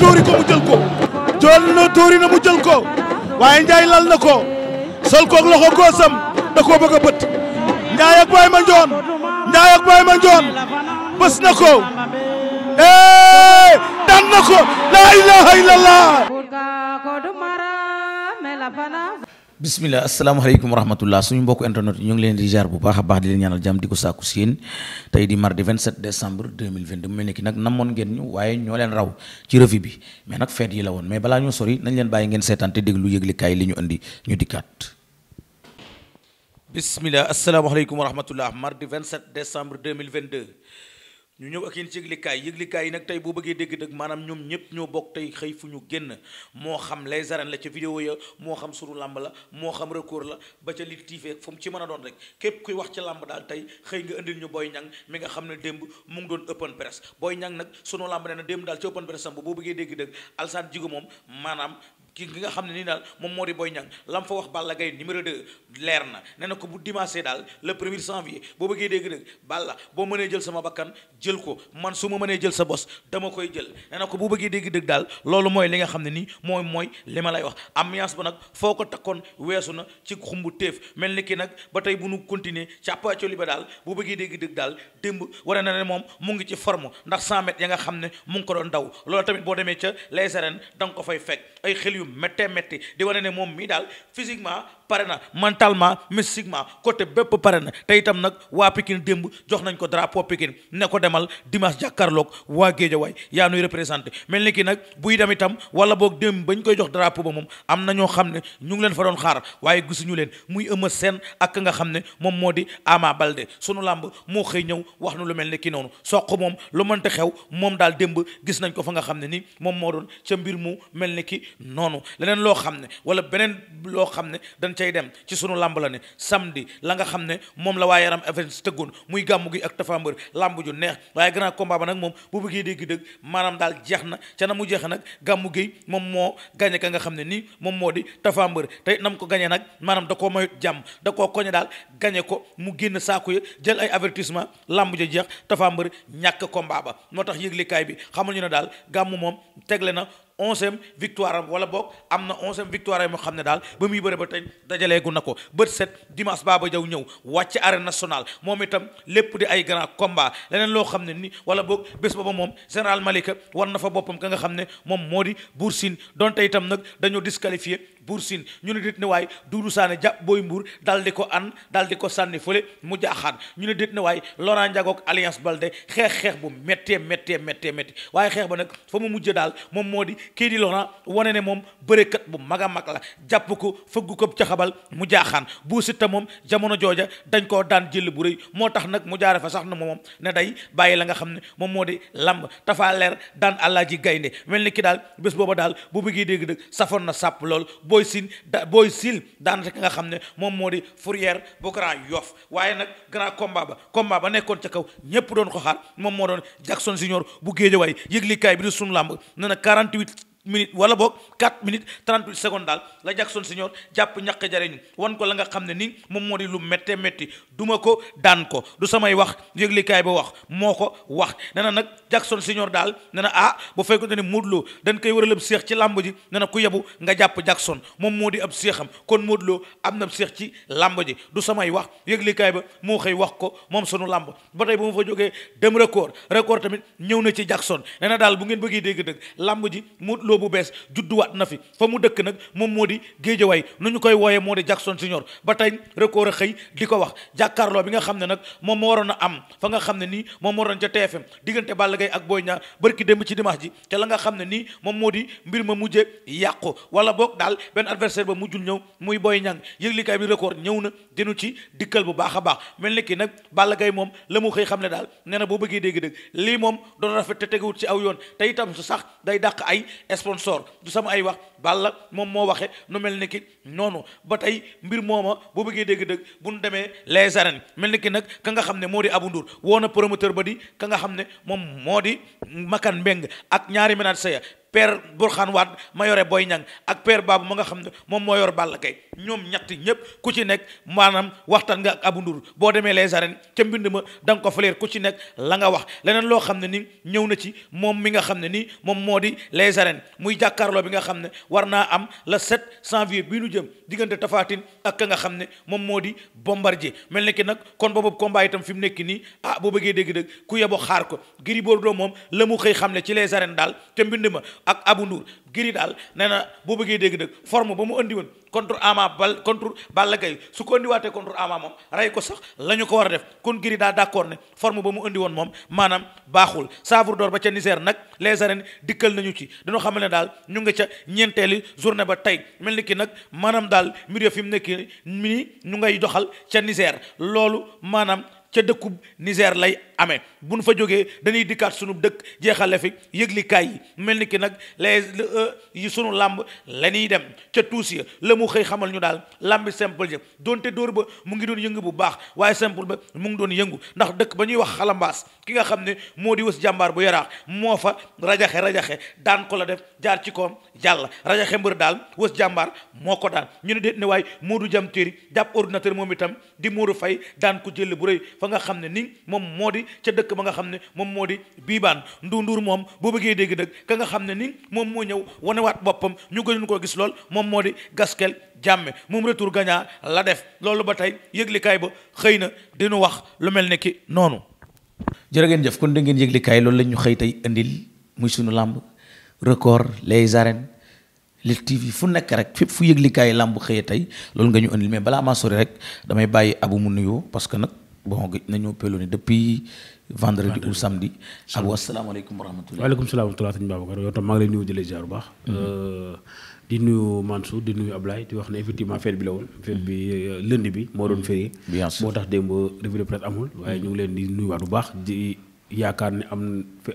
tuuri ko mu jël ko jël na tuuri na mu jël ko waaye Ndiaye lal na ko sol koog loxo góosam da koo bëgg a bët Ndiaye ak Baye Mandione Ndiaye ak Baye Mandione bës na ko daan na ko la ilaha illallah bisimilah asalaamaaleykum wa rahmatullah suñu mbokku internet ñu ngi leen di bu baax a baax di leen ñaanal jàmm di ko sàkku si yéen tey di mardi 27 décembre 2022 mu mel ni ki nag namoon ngeen ñu waaye ñoo leen raw ci revue bi mais nag feet yi la woon mais balaa ñoo sori nañ leen bàyyi ngeen seetaan te déglu yëglikaay li ñu indi ñu dikkaat. bisimilah ñu ñëw ak yéen ci yëglikaay yëglikaay yi nag tey boo bëggee dégg dëgg maanaam ñoom ñëpp ñoo bokk tey xëy fu ñu génn moo xam les arènes la ca vidéo ya moo xam suru làmb la moo xam recours la ba ca lit tiifee fu mu ci mën a doon rek képp kuy wax ci làmb daal tey xëy nga indil ñu booy Niang mi nga xam ne démb mu ngi doon open press booy Niang nag sunu làmb nee na démb daal ci open press am boo bëggee dégg dëgg Alsaan Jigo moom maanaam ki nga xam ne nii daal moom moo di Boy Niang lam fa wax Balla Gaye numéro 2 leer na nee na ko bu dimanche daal le premier janvier boo bëggee dégg dëgg ko man su na ko bu bëggee dégg dëgg daal loolu mooy li nga xam ne nii mooy mooy li ma lay wax ambiance ba nag foo ko takkoon weesu na ci xumbu téef mel ni kii nag ba tey bu nu continuer càppaacoo li ba daal bu bëggee dégg dëgg daal démb wane na ne moom mu ngi ci forme ndax 100 mètres ya nga xam ne mu ngi ko doon daw loolu tamit boo demee da nga ko fay fekk ay xel méttee métti di wane ne moom mii daal physiquement pare na mentalement mystiquement côté bépp pare na te itam nag waa Pikine démb jox nañ ko drapeau Pikine ne ko demal dimanche jàkkaarloog waa Géejawaay yaa nuy représenté mel ni ki nag buy dem itam wala boog démb bañ koy jox drapeau ba moom am na ñoo xam ne ñu ngi leen fa doon xaar waaye gisuñu leen muy Eumeu seen ak nga xam ne moom moo di Ama su sunu làmb moo xëy ñëw wax nu lu mel ni ki noonu soq moom lu mënta xew moom daal démb gis nañ ko fa nga xam ne ni moom moo doon ca mbir mu mel ni noonu loo cay dem ci sunu làmb la ne samedi la nga xam ne moom la waa yaram events tëggoon muy gàmmu gi ak tafambër làmb ju neex waaye grand combat ba nag moom bu bëggee dégg dëgg maanaam daal jeex na ca na mu jeex nag gàmmu gi moom moo gañe ka nga xam ne nii moom moo di tafambër tey nam ko gañee nag maanaam da koo moy jàmm da koo koñe daal gañe ko mu génn saaku ya jël ay avertissement làmb ja jeex tafambër ñàkk combat ba moo tax yëglikaay bi xamuñu ñu ne daal gàmmu moom tegle na onzième victoire am wala boog am na onzième victoire am xam ne daal ba muy bëre ba tey dajaleegu na ko bët set dimanche Baba Diaw ñëw wàcc arène nationale moom itam lépp di ay grand combat leneen loo xam ne nii wala boog bés ba moom général Malika war na fa boppam ka nga xam ne moom moo di Bour Sine donte itam nag dañoo disqualifié buur siin ñu ne déet ne waay Doudou Sané jàpp booy mbuur dal di ko an dal di ko sànni fële mu jaaxaan ñu ne déet ne waay Laurent njagook ak Alliance Baldé xeex xeex bu méttee méttee méttee métti waaye xeex ba nag fa mu mujj daal moom moo di kii di Laurent wane ne moom bërekat bu mag a mag la jàpp ko fëgg ko ca xabal mu jaaxaan Bou Siteu moom jamono jooja dañ koo daan jël bu rëy moo tax nag mu jaare fa sax na moom ne day bàyyi la nga xam ne moom moo di lamb tafaa leer daan àllaa ji gaynde mel ni kii daal bés booba daal bu bëggee dégg safoon na sàpp lool booy sin da booy sil daanaka nga xam ne moom moo di Fourrière bu grand Yoff waaye nag grand combat ba combat ba nekkoon ca kaw ñépp doon ko xaar moom moo doon Jackson Junior bu Guédiawaye yëglikaay bi di sunu làmb nee na 48 minutes wala boog 4 minutes 38 secondes daal la Jackson Senior jàpp ñaq jariñu wan ko la nga xam ne ni moom moo di lu méttee métti duma ko daan ko du samay wax yëglikaay ba wax moo ko wax nee na nag Jackson Senior daal nee na ah bu fekkoon ne Modou dañ koy wëralab seex ci làmb ji nee na ku yebu nga jàpp Jackson moom moo di ab seexam kon Modou am na seex ci làmb ji du samay wax yëglikaay ba moo xëy wax ko moom sunu làmb ba tey bu ma fa jógee dem record record tamit ñëw na ci Jackson nee na daal bu ngeen bëggee dégg dëgg làmb ji Modou loo bu bees judduwaat na fi fa mu dëkk nag moom moo di géejawaay nu ñu koy wooyee moo di Jackson Senior ba tey record a xëy di ko wax jàkkaarloo bi nga xam ne nag moom moo waroon a nga xam ne nii moom moo waroon ca TFM diggante Balla Gaye ak Boy Niang bërki démb ci te la nga xam ne nii moom moo di mbir ma mujje yàqu wala boog daal benn adversaire ba mu mujjul ñëw muy Boy Niang yëglikaay bi record ñëw na dinu ci dikkal bu baax a baax mel ni ki nag Balla Gaye moom la mu xëy xam ne daal nee na boo bëggee dégg-dégg lii moom doon rafet te teguwut ci aw yoon te itam su sax day dàq ay sponsor du sama ay wax Balla moom moo waxe nu mel ni ki noonu ba tey mbir mooma boo bëggee dégg-dëgg bu nu demee les arènes mel ni ki nag ka nga xam ne moo di Abou Ndour woo na promoteur ba di ka nga xam ne moom moo di Makan Mbeng ak ñaari menaat saya père Bourkhane waat ma yore Boy Niang ak père Babou ma nga xam ne moom moo yor Balla Gaye ñoom ñett ñëpp ku ci nekk maanaam waxtaan nga ak Abou Ndour boo demee les arènes ca mbind ma da nga ko faleer ku ci nekk la nga wax leneen loo xam ne ni ñëw na ci moom mi nga xam ne nii moom moo di les arènes muy jàkkaarloo bi nga xam ne war naa am le 7 janvier bii nu jëm diggante Tapha Tine ak ka nga xam ne moom moo di Bombardier mel ni ki nag kon boobu combat itam fi mu nekk nii ah boo bëggee dégg-dégg ku yeboo xaar ko Gris Bordeaux moom la mu xëy xam ne ci les arènes daal ca mbind ma ak Abu Ndour giri daal nee na boo bëggee dégg dëgg forme ba mu andi woon contre Ama Bal contre Balla Gaye su ko andiwaatee contre Ama moom rey ko sax la ko war a def kon giri daa d'accord ne forme ba mu andi woon moom maanaam baaxul saafur door ba ca Niger nag les arènes dikkal nañu ci dañoo xam ne daal ñu ngi ca ñeenteeli journée ba tey mel ni kii nag maanaam daal mbir fi mu nekk nii ñu ngay doxal ca Niger loolu maanaam ca dëkku Niger lay bu nu fa jógee dañuy dikkaat sunu dëkk jeexale fi yëglikaay yi mel ni ki nag les euh, sunu làmb la ñuy dem ca tuus ya la mu xëy xamal ñu daal làmbi simple ja donte dóor ba mu ngi doon yëngu bu baax waaye simple ba mu ngi doon yëngu ndax dëkk ba ñuy wax xalambaas ki nga xam ne moo di wës jàmbaar bu yaraax moo fa rajaxe rajaxe daan ko la def jaar ci koom jàll rajaxe mbër daal wës jàmbaar moo ko daan ñu ne déet ne waaye Modou Jam Téeri jàpp ordinateur moom itam di Modou Fay daan ko bu rëy fa nga xam ne ni moom moo di ca dëkk ba nga xam ne moom moo di biibaan nduunduur moom boo bëggee dégg dëgg ka nga xam ne ni moom moo ñëw wanewaat boppam ñu gënoon koo gis lool moom moo di gaskel jàmme moom retour gagnant la def loolu ba tey yëglikaay ba xëy na dinu wax lu mel ne ki noonu jërë ngeen jëf kon da ngeen yëglikaay loolu lañu xëy tey indil muy sunu làmb record les arènes li TV fu nekk rek fépp fu yëglikaay làmb xëyee tey loolu nga ñu indil mais balaa maa sori rek damay bàyyi abu mu nuyoo parce que nag bon gëj nañoo pelone depuis vendredi ou samedi ak wasalaamaaleykum wa rahmatulah waaleykum salaam wa rahmatulah sëñ Babacar yow yoo maa ngi lay nuyu jaar baax mm-hmm. euh, di nuyu Mansour di nuyu Ablaye di wax ne effectivement fête bi la woon fête mm-hmm. bi euh, lundi bi moo doon férié moo tax démb revue de presse amul waaye mm-hmm. ñu ngi leen di waat bu baax di yaakaar ne am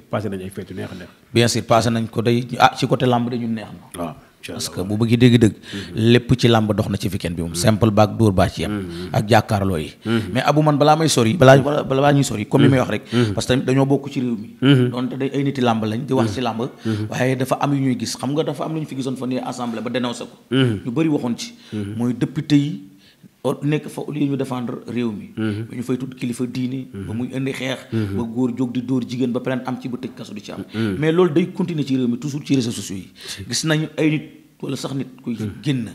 passé nañ ay fête yu neex neex bien sûr nañ ko day ah ci côté làmb de ñu neex na waaw parce que bu bëggee dégg-dëgg mm-hmm. lépp ci làmb dox na ci weekend bi moom mm-hmm. simple baak dóor baa mm-hmm. ak jàkkaarloo yi mais abu man balaa may sori balaa balaa ñuy sori comme li wax rek parce que dañoo bokk ci réew mi doonte day ay niti làmb lañ di wax ci làmb waaye dafa am yu ñuy gis xam nga dafa am lu fi gisoon fa ne assemblée ba dénoncé ko ñu bëri waxoon ci mooy député yi or nekk fa au lieu ñu défendre réew mi mhm. ñu fay tudd kilifa diine ba mhm. muy indi xeex mhm. ba góor jóg di dóor jigéen ba plainte am ci ba tëj kaso du ci am mais loolu day continuer ci réew mi toujours ci réseaux sociaux yi gis nañu ay nit wala sax nit kuy génn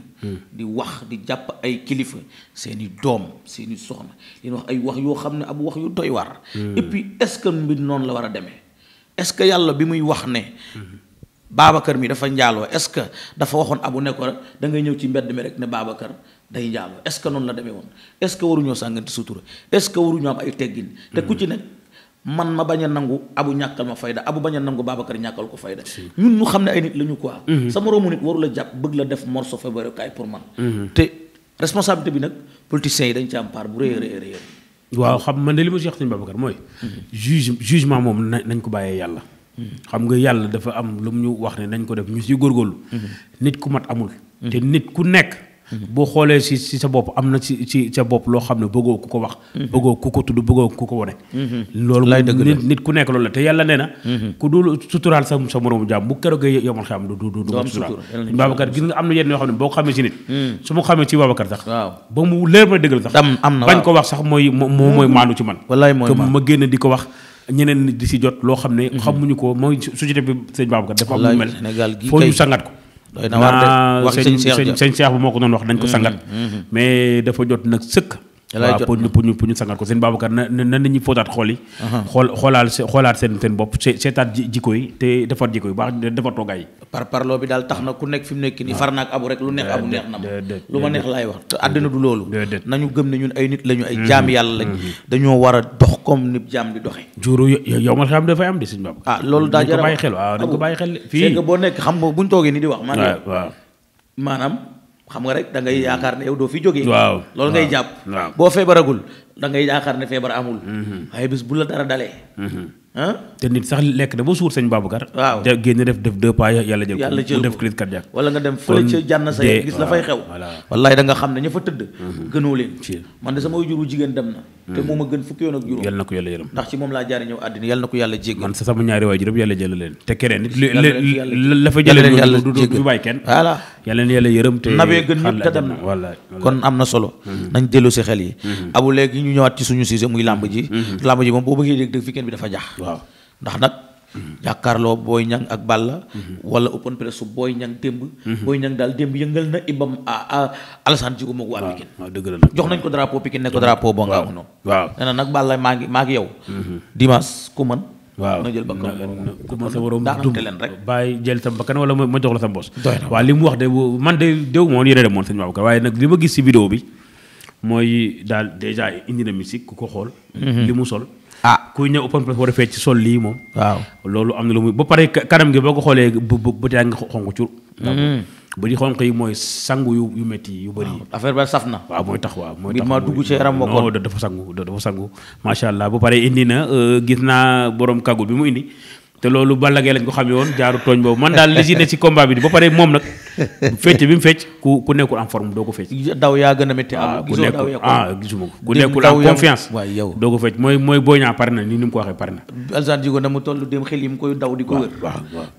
di wax di jàpp ay kilifa seeni doom seeni soxna leen wax ay wax yoo xam ne abu wax yu doy war et puis ce que mbir noonu la war a demee est-ce que yàlla bi muy wax ne Babacar mi dafa njaaloo est-ce que dafa waxoon abu ne ko da ngay ñëw ci mbedd mi rek ne Babacar day jaamu est ce que noonu la demee woon est ce que waruñoo sàngante sutura est ce que waruñoo am ay teggin. te mm-hmm. ku ci nekk man ma bañ a nangu abu ñàkkal ma fayda abu bañ a nangu Babacar ñàkkal ko fayda. ñun ñu xam ne ay nit la ñu quoi. Mm-hmm. sa moroomu nit waru la jàpp bëgg la def morso feebaru kaay yi dañ ci am part bu rëy a rëy waaw xam man de li ma jox sëñ Babacar mooy. Mm-hmm. juge jugement moom nañ ko bàyyee yàlla. xam nga yàlla dafa am lu mu ñu wax ne nañ ko def ñu si góorgóorlu. nit ku mat amul. te nit ku nekk. boo xoolee si si sa bopp am na ci ci sa bopp loo xam ne bëggoo ku ko wax. bëggoo ku ko tudd bëggoo ku ko wane. loolu nit nit ku nekk loolu la te yàlla nee na. Mhm. ku dul suturaal sa sa moromu jaam bu keroogee yomal xam du du du. am na yenn yoo xam ne boo xamee si nit. Mm. ma xamee ci Babacar sax. waaw ba mu leer am na bañ ko wax sax mooy moo mooy maandu ci man. wallaay mooy ma génn di ko wax. ñeneen di si jot loo xam ne. Mhm. xamuñu ko mooy société bi dafa am mel. foo ñu sangat ko doy na war de wax sëñ bu moo ko doon wax dañ ko mm-hmm. sangat mm-hmm. mais dafa jot nag sëkk waaw pour ñu pour ñu pour ñu sangal ko seen Babacar na na nit ñi fóotaat xool yi. xool seen seen bopp seetaat jikko yi te defar jikko yi baax defar toogaay yi. par parloo bi daal tax na ku nekk fi mu nekk nii far naag na ma lu ma neex laay wax te àddina du loolu. nañu gëm ne ay nit lañu ay mhm. jaam yàlla lañ. Mhm. dañoo war a dox comme ni jaam di doxee. juuru yow man xam dafay am di sëñ Babacar. ah loolu daa jar a dañ ko xel waaw dañ ko bàyyi xel fii. c'est que boo nekk xam nga buñ toogee ni di wax. maanaam xam nga rek da ngay yaakaar ne yow doo fi jógee. waaw loolu ngay jàpp. boo feebaragul da ngay yaakaar ne feebar amul. Mhm. waaye bis bu la dara dalee. ah. te nit sax lekk na ba suur sëñ Babacar. waaw da génn def def deux pas yàlla jël. yàlla wala nga dem fële ca jànn sa gis la fay xew. wallaay nga xam ne ña fa tëdd. Mhm. gënoo leen. man de sama juru jigéen dem na. te moo ma gën fukki yoon ak juróom. yàlla na ko yàlla yërëm ndax moom laa jaari ñëw àddina yàlla na ko yàlla jéggal. man sa sama ñaari waay juróom yàlla jël leen. te keneen nit la fa jëlee. yàlla leen yàlla jéggal du bàyyi kenn. voilà yàlla na yàlla yërëm te nawee gën ñëpp te dem na wala kon am na solo mhm. nañ dellu si xel yi mhm. abu léegi ñu ñëwaat ci suñu si muy làmb ji mhm. làmb ji moom boo bëggee dégg dëgg fi kenn bi dafa jax waaw ndax nag jàkkaarloo booy Niang ak Balla wala open press Boy Niang démb booy Niang daal démb yëngal na ibam Alassane Djigo moo ko waa Pikine waaw dëgg la jox nañ ko drapeau Pikine ne ko drapeau boo nga am noonu waaw na nag Balla maa ngi maa ngi yow dimanche ku mën waaw na jël bakkan commencé waroon dund rek bàyyi jël sa bakkan wala ma jox la sa mbos waaw li mu wax de man de déw moon yére de moon sëñ Babacar waaye nag li ma gis si vidéo bi mooy daal dèjà indi na musique ku ko xool mhm. li mu sol ah kuy ñëw open press war ci sol lii moom waaw loolu am na lu muy ba pare kanam gi boo ko xoolee bu bu bu yaa ngi xonq cur mhm. bëri xonq yi mooy sangu yu yu métti yu bëri. affaire ba saf na. waaw mooy tax waaw mooy tax ma dugg ci yaram ba kon non dafa sangu dafa sangu macha allah ba pare indi na euh, gis naa boroom kagul bi mu indi te loolu Balla Gaye lañ ko xamee woon jaaru tooñ boobu man daal li si ne si combat bi ba pare moom nag fecc bi mu fecc ku ku nekkul en ko fecc. daw yaa gën a métti ah, am ku nekkul ah gisuma ko ku nekkul en confiance yow doo ko fecc mooy mooy boo ñaa pare na ni ni mu ko waxee pare na alsan jigo na mu toll dem xel yi mu koy daw di ko wër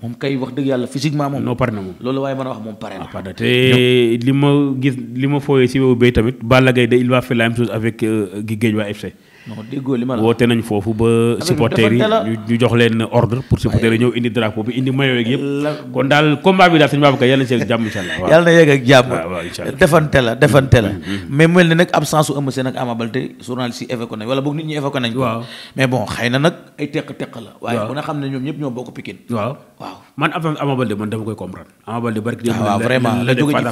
moom kay wax dëgg yàlla physiquement moom non pare na moom loolu waaye mën a wax moom pare na ah, te li ma gis li ma fooyee si wéwu bay tamit Balla Gaye da il va faire la même chose avec euh, gi Guédiawaye FC non déggoo li nañ foofu ba. supporters yi ñu jox leen ordre pour supporters yi ñëw indi drapeau bi indi maillot yeeg yëpp. kon daal combat bi daal sëñ Babacar yàlla na ci jàmm incha allah. yàlla na yegg ak jàmm defante la defante la. Mm-hmm, mm-hmm. mais mel ni nag absence su Eumeu Sène ak Ama Baldé journaliste yi évoqué nañ wala boog nit ñi évoqué nañ mais bon xëy na nag ay teq-teq la. waaye bu na xam ne ñoom ñëpp ñoo bokk Pikine. waaw waaw. man avance Ama Baldé man dama koy comprendre Ama Baldé barki ah, waaw vraiment la jóge ci a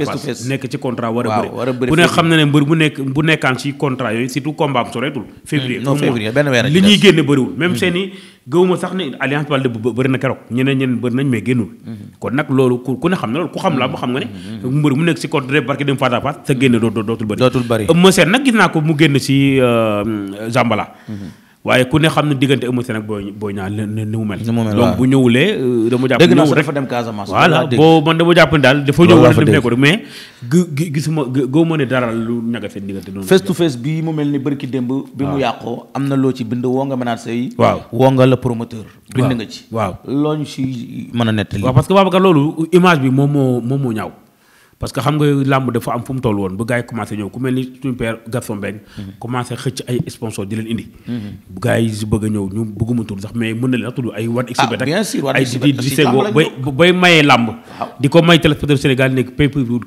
bëri bu na ne mbër bu nekk bu nekkaan ci mm, génne bëriwul même mm. seen i gëwuma sax na mm-hmm. loolu ku ne xam na loolu ku xam nga ne mm-hmm. mbër mu nekk ci contrat barki dem face à face sa génne dootul bëri dootul bëri Eumeu nag gis naa ko mu génn ci euh, Zambala mm-hmm. waaye ku ne xam ne diggante Eumeu Sène ak Boy Boy Niang ni mu mel. ni mu mel donc bu ñëwulee euh, dama jàpp. dëgg naa dafa dem Casamance. voilà boo daal dafa ñëw wala dem nekkoon mais. gi gisuma goo ma ne dara lu ñaga seen diggante noonu. face to face bii mu mel ni bërki démb. bi mu yàqoo am na loo ci bind woo nga mënaat say. waaw woo nga la promoteur. bind nga ci waaw loo ñu mën a nettali. waaw parce que Babacar loolu image bi moom moo moom moo ñaaw. parce que xam nga làmb dafa am fu mu toll woon bu gars yi commencé ñëw ku mel ni suñu père Gaston Mbengue mhm. commencé xëcc ay sponsor di leen indi mhm. bu gars yi bëgg a ñëw ñu bëgguma tudd sax mais mën na leen a tudd ay wan ah, exhibit ay di di sego bay ko may téléspectateur Sénégal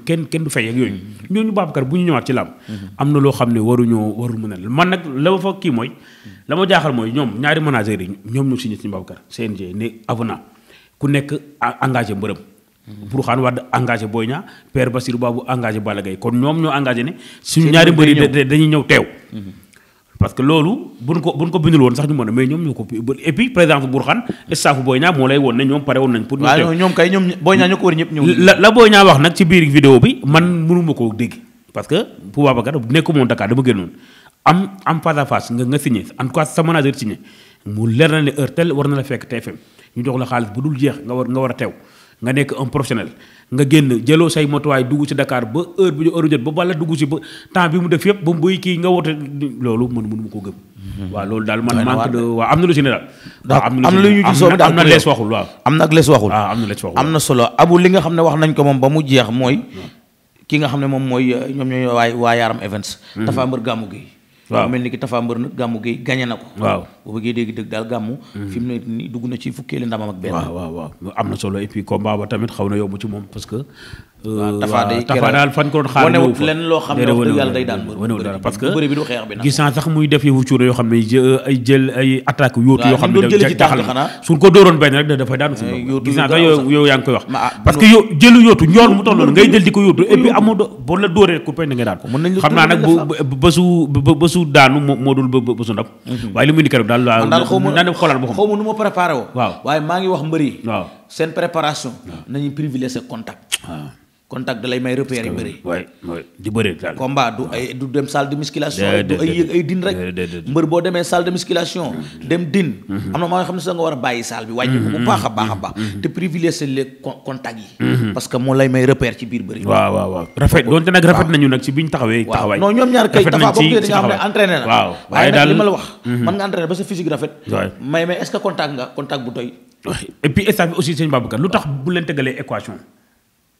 kenn kenn du fay ak yooyu mhm. ñooñu Babacar bu ñu ñëwaat ci làmb am na loo xam ne waruñoo warul mën a man nag la ma fa kii mooy la ma jaaxal mooy ñoom ñaari managers yi ñoom ñu si suñu Babacar CNG ne avenant ku nekk engagé mbërëm pour xaan wadd engagé Boy Niang Père Bassirou Ba bu engagé Balla Gaye kon ñoom ñoo engagé ne suñu ñaari mbëri dañuy ñëw teew mm-hmm. parce que loolu buñ ko buñ ko bindul woon sax ñu mën a mais ñoom ñoo ko et puis par bi man mënuma koo dégg parce que pour Babacar nekku moon Dakar dama génnoon am sa manager signé mu leer na ne heure war na la fekk TFM ñu jox la xaalis bu dul jeex nga war nga war a teew nga nekk un professionnel nga génn jëloo say matuwaay dugg si Dakar ba heure bi heure jot ba bala dugg si ba temps bi mu def yëpp ba mu buy kii nga woote loolu man mënu ma ko gëm. waaw loolu daal man manque de waa am na lu si ne daal. am na lu ñu gisoo am na lees waxul waaw. am na ak lees waxul waaw ah, am na lees waxul am na solo abu li nga xam ne wax nañ ko moom ba mu jeex mooy. Hmm. ki nga xam ne moom mooy ñoom ñooy waaye waa Yaram Events. Hmm. dafa am bër gàmmu gi. waaw mel ni ki Tafa Mbër nag gàmmu gi gagné na ko. waaw bu bëggee dégg dëgg daal gàmmu. Mm. fi mu ne nii dugg na ci fukkeeli ndamam ak benn. waaw waaw waaw am na solo et puis combat ba tamit xaw na yomb ci moom parce que Euh, waaw Tafa daal fan ko doon xaar wane wut lenn loo xam ne wax dëgg yàlla day daan wane dara parce que bëri bi du xeex bi nag gis naa sax muy def yëfu cuura yoo xam ne euh, ay jël ay attaque yóotu yoo xam ne suñ ko dóoroon benn rek dafay daan suñ eh, gis naa sax yow yow yaa ngi koy wax ah, parce que yow jëlu yóotu njool mu tolloon ngay jël di ko yóotu et puis amoo boo la dóoree rek ku peñ nga daan ko xam naa nag bësu bësu daanu moo dul bësu ndam mhm. waaye li muy nikar daal laa daal naa dem xoolaat boppam xaw ma nu ma préparé woo waaw waaye maa ngi wax mbëri waaw seen préparation nañu privilégier contact waaw contact da may repères yu bëri. waay waay du dem salle de musculation. du ay din rek. mbër boo demee salle de musculation. Mm-hmm. dem din. Mm-hmm. am na maa xam ne sax nga war a bàyyi salle bi. wàññi ko bu mm-hmm. baax a baax a baax. te privilégier les contacts yi. parce que moo lay may repère ci biir bëri. waaw waaw waaw rafet donte nag rafet nañu nag ci biñ taxawee. taxawaay non ñoom ñaar kay taxawaay boobu nga xam ne entraîné na. waaw waaye daal li ma wax. mën nga entraîné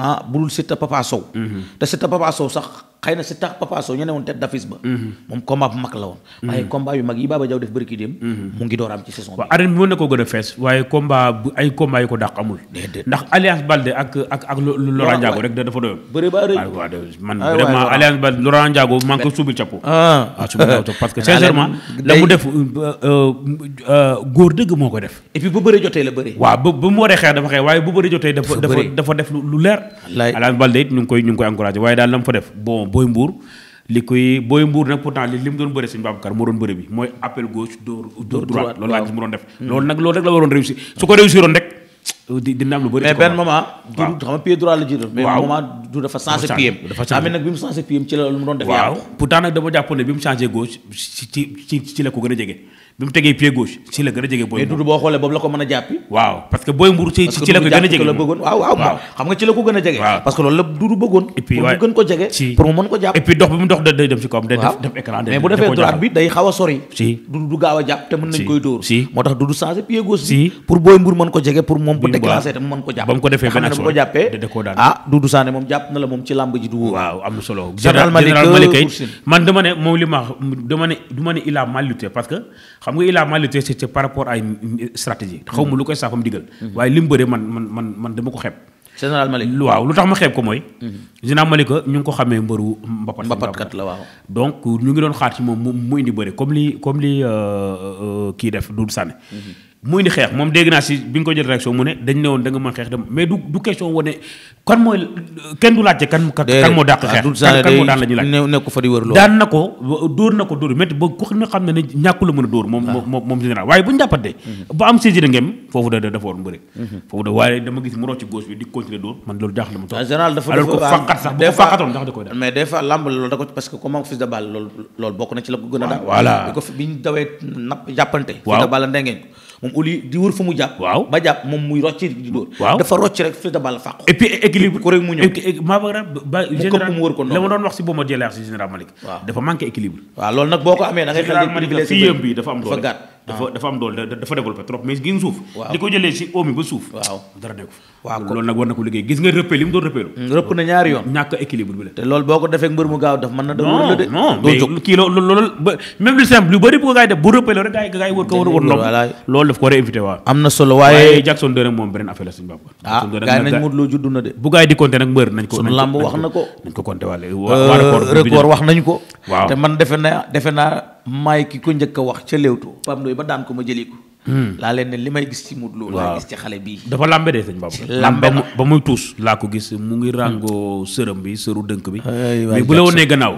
ah bu dul Siteu Papa Sow. Mm-hmm. te Siteu sax xay na si tax Papa Sow ñu ne woon tête d'affiche ba. Mhm. moom mhm. yi mhm. mu ngi ko gën a fees waaye combat bu ay combat yu ko dàq ndax Alliance Baldé ak ak ak Laurent dafa doyoon. bëri ba rëy waaw man vraiment Alliance Baldé Laurent Ndiago maa ngi ko suubil ah. ah, parce que sincèrement. la mu def euh, euh, euh, góor dëgg moo ko def. et puis bu bëri jotee la bëri. waaw ba ba mu waree xeex dafa xeex waaye bu bëri jotee dafa dafa def lu leer. Alliance Baldé it ñu ngi koy ñu ngi waaye daal la mu fa def bon booy mbuur li koy booy mbuur nag pourtant li li mu doon bëre sëñ Babacar moo doon bëre bi mooy appel gauche dóor dóor droite loolu laa gis mu doon def hmm. loolu nag loolu rek la waroon réussir su ko réussir oon rek euh, dina am lu bëri mais benn moment du xam nga la du dafa changé pied am nag bi ci la lu mu doon def waaw pourtant nag dama jàppoon ne bi mu changé gauche ci ci ci la ko gën a jege bi mu tegee pied gauche si la gën a jege booy. mais du gaaw a moom bu ah, du ma ne du ma ne il a mal parce que xam nga ilaa maa lite c'est par rapport ay stratégie xaw ma lu koy saafam digal mm-hmm. waaye li mu man man man man dama ko xeeb général Malick waaw lu tax ma xeeb ko mooy mm-hmm. général Malick ñu ngi ko xamee mbëru mbapat mbapatkat la waaw donc ñu ngi doon xaar ci moom mu indi bëri comme li comme li euh, euh, kii def Doudou Sané mm-hmm. mu indi xeex moom dégg naa si bi nga ko jël réaction mu ne dañ ne woon da nga mën xeex dem mais du question wane kan mooy kenn du laajte kan. moo dàq ah, xeex kan moo daan la ñuy laaj nekku daan na ko dóor na ko dóor métti ah. mm-hmm. dafa mm-hmm. rocc gauche bi ah, de balle loolu loolu bokk équilibre ko rek mu ñëw maa ba ba général mu wër ko noonu la ma doon wax si Bombardier la si général Malick dafa manqué équilibre waaw loolu nag boo ko amee da ngay xel ni privilège bi dafa am doole Ah. dafa am doole dafa développé trop mais gis nga rëppee li mu doon rëppeelu mm, rëpp na ñaari yoon ñàkk équilibre bi la te loolu boo ko defee mbër mu gaaw daf mën na da war a invité waaw am na solo waaye Jackson Dore moom beneen affaire la suñu bopp ah gars yi nañ mutuloo na de bu gars di compté nag mbër nañ ko suñu lamb wax na ko nañ ko compté wàlle euh, record wax nañ ko te man defe naa defe naa may ki ko njëkk a wax ca Leewtoo Pape Ndoye ba daan ko ma jëli ko. Hmm. laa leen ne li may gis ci Modou Lo. laa gis ci xale bi dafa lambe de sëñ Baba. lambe ba muy tuus laa ko gis mu ngi ràngoo sërëm bi sëru dënk bi. mais bu la wonee gannaaw.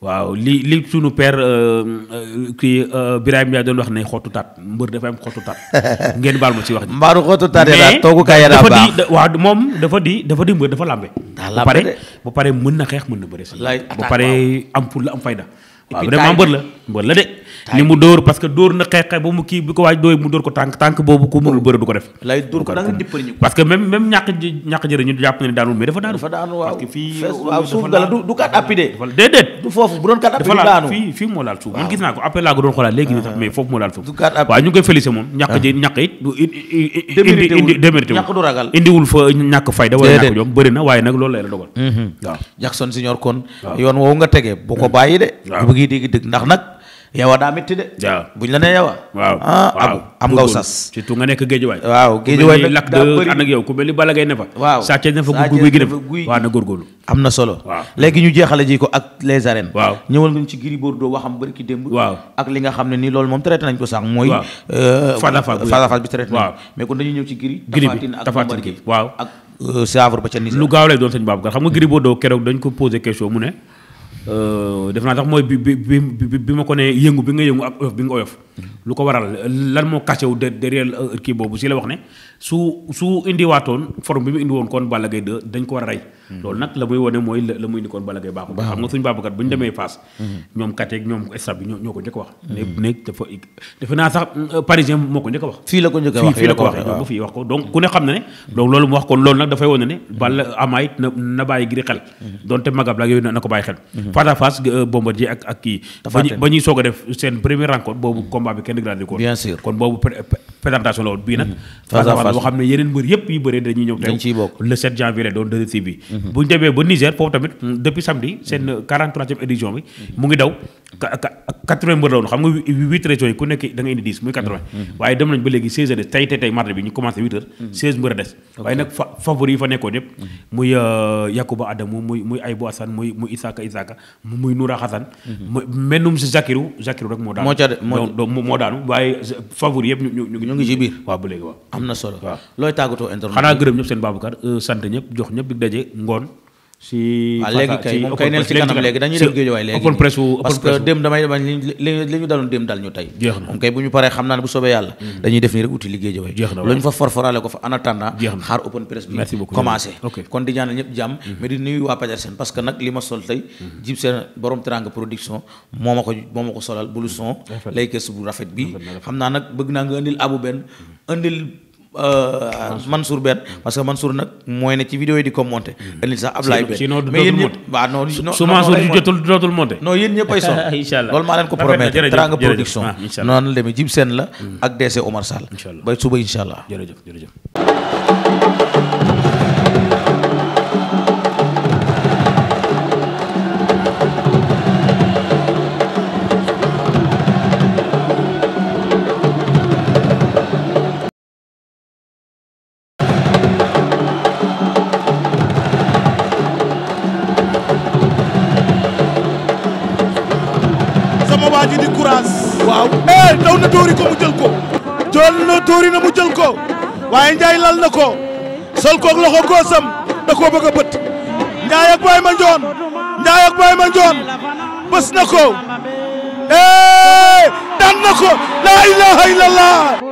waaw li li sunu père euh, euh, kii euh, Birahim Ndiaye doon wax ne xottu taat mbër dafa am xottu taat ngeen baal ma ci wax. mbaaru xottu taat yi daal toogukaay yi moom dafa di dafa di mbër dafa lambe. daa ba pare ba pare mën na xeex mën na bëre. lay attaque ba pare am la am fayda et puis vraiment mbër la mbër la de. li mu dóor parce que dóor na xeexe ba mu kii bi ko waaj dóor mu dóor ko tànk tànk boobu ku mënul bëre du ko def lay dóor ko ñàkk ñàkk ñu jàpp ne daanul mais dafa daanu fii fii moo laal suuf man gis naa ko appel laa ko doon xoolaat léegi ni ah. mais foofu moo laal suuf moom ñàkk ah. ji ñàkk it du indiwul fa ñàkk fayda wala ñàkk jom bëri na waaye nag loolu lay la dogal mm-hmm. Jackson Senior kon yoon woowu nga tege bu ko mm-hmm. bàyyi de bu bëggee dégg dëgg ndax nag yawa daa métti de. waaw bu ñu la nee yawa. waaw ah abu am ngaw sas. surtout nga nekk géejuwaay. waaw géejuwaay nag daa bëri ànd ak yow ku mel ni Balla Gaye ne fa. waaw saa cee ne fa guy am na solo. waaw léegi ñu jeexale ji ko ak les arènes. waaw ñëwal nga ñu ci Gris Bordeaux waxam bëri ki démb. waaw ak li nga xam ne nii lool moom traité nañ ko sax mooy. waaw face à face bi traité nañ ko mais kon dañuy ñëw ci Gris. Gris bi Taphatine bi ak euh, Savre ba ca Niger. lu gaaw lay doon sëñ Babacar xam nga Gris Bordeaux keroog dañ ko posé question mu ne Euh, def naa tax mooy bi bi bi bi ma ko ne yëngu bi nga yëngu ak oyof bi nga oyof lu ko waral lan moo kàccew derrière euh, kii boobu si la wax ne su su indiwaatoon forme bi mu indi woon kon Balla Gaye 2 dañ ko war a rey. Hmm. loolu nag la muy wane mooy la muy indi koon Balla Gaye baaxul. ba fii wax ko donc ku ne xam na ne. Hmm. donc loolu mu wax kon loolu nag dafay wane ne hmm. Balla amaay na na bàyyi giri xel. donte magab yooyu na ko bàyyi xel. face à face euh, ak kii. ba ñuy soog a def seen première rencontre boobu combat bi kenn gradé ko. bien sûr kon boobu présentation la woon bii nag. Mm-hmm. face à boo xam ne yeneen mbër yëpp yu bëree dañuy ñëw. dañ ciy bokk janvier la doon dërëti bi. Mm-hmm. bu ñu ba Niger foofu tamit depuis samedi seen 43e édition bi mm-hmm. mu ngi daw quatre-vingt mbër la woon xam nga huit régions yi ku nekk da nga indi dix muy quatre mm-hmm. mm-hmm. waaye dem nañ ba léegi seize des tey tey tey mardi bi ñu commencé huit heures mm-hmm. seize mbër a des waaye nag fa favori yi fa nekkoon yëpp muy euh, Yakuba Adamu muy muy Aybo Assane muy muy Isaka Isaka muy Noura Hassan mennum si Zakirou Zakirou rek moo daanu moo daanu waaye favori yëpp ñu ngi ci biir waaw ba léegi waaw am na solo waaw looy tàggatoo internet xanaa gërëm ñëpp seen Babacar euh, sant ñëpp jox ñëpp dig ngoon si waaw léegi kay kay neel si kanam léegi dañuy dem géej waay léegi open press parce dem li li ñu daloon dem dal ñu tey moom kay bu ñu paree xam naa ne bu soobee yàlla mm-hmm. dañuy def nii rek uti liggéey waay lu ñu fa forforale ko fa en attendant xaar open press bi commencé kon di ñaanal ñëpp jàmm mm-hmm. mais di waa Pajarsen parce que nag li ma sol tey mm-hmm. jib seen borom teranga production moo ma ko moo ma ko solal blouson lay kees bu rafet bi xam naa nag Euh, Mansour benn parce que Mansour nag mooy ne ci vidéo yi di ko monté. indi sax Ablaye benn sinon du dootul monté su Mansour jotul dootul monté. non yéen ñëpp ay sonn loolu maa leen ko promettre Teranga production ah, noonu la demee Jib la hmm. ak DC Omar Sall. ba suba incha na ko sol koog loxo góosam da koo bëgg a bët Ndiaye ak Baye Mandione Ndiaye ak Baye Mandione bës na ko daan na ko la ilaha illallah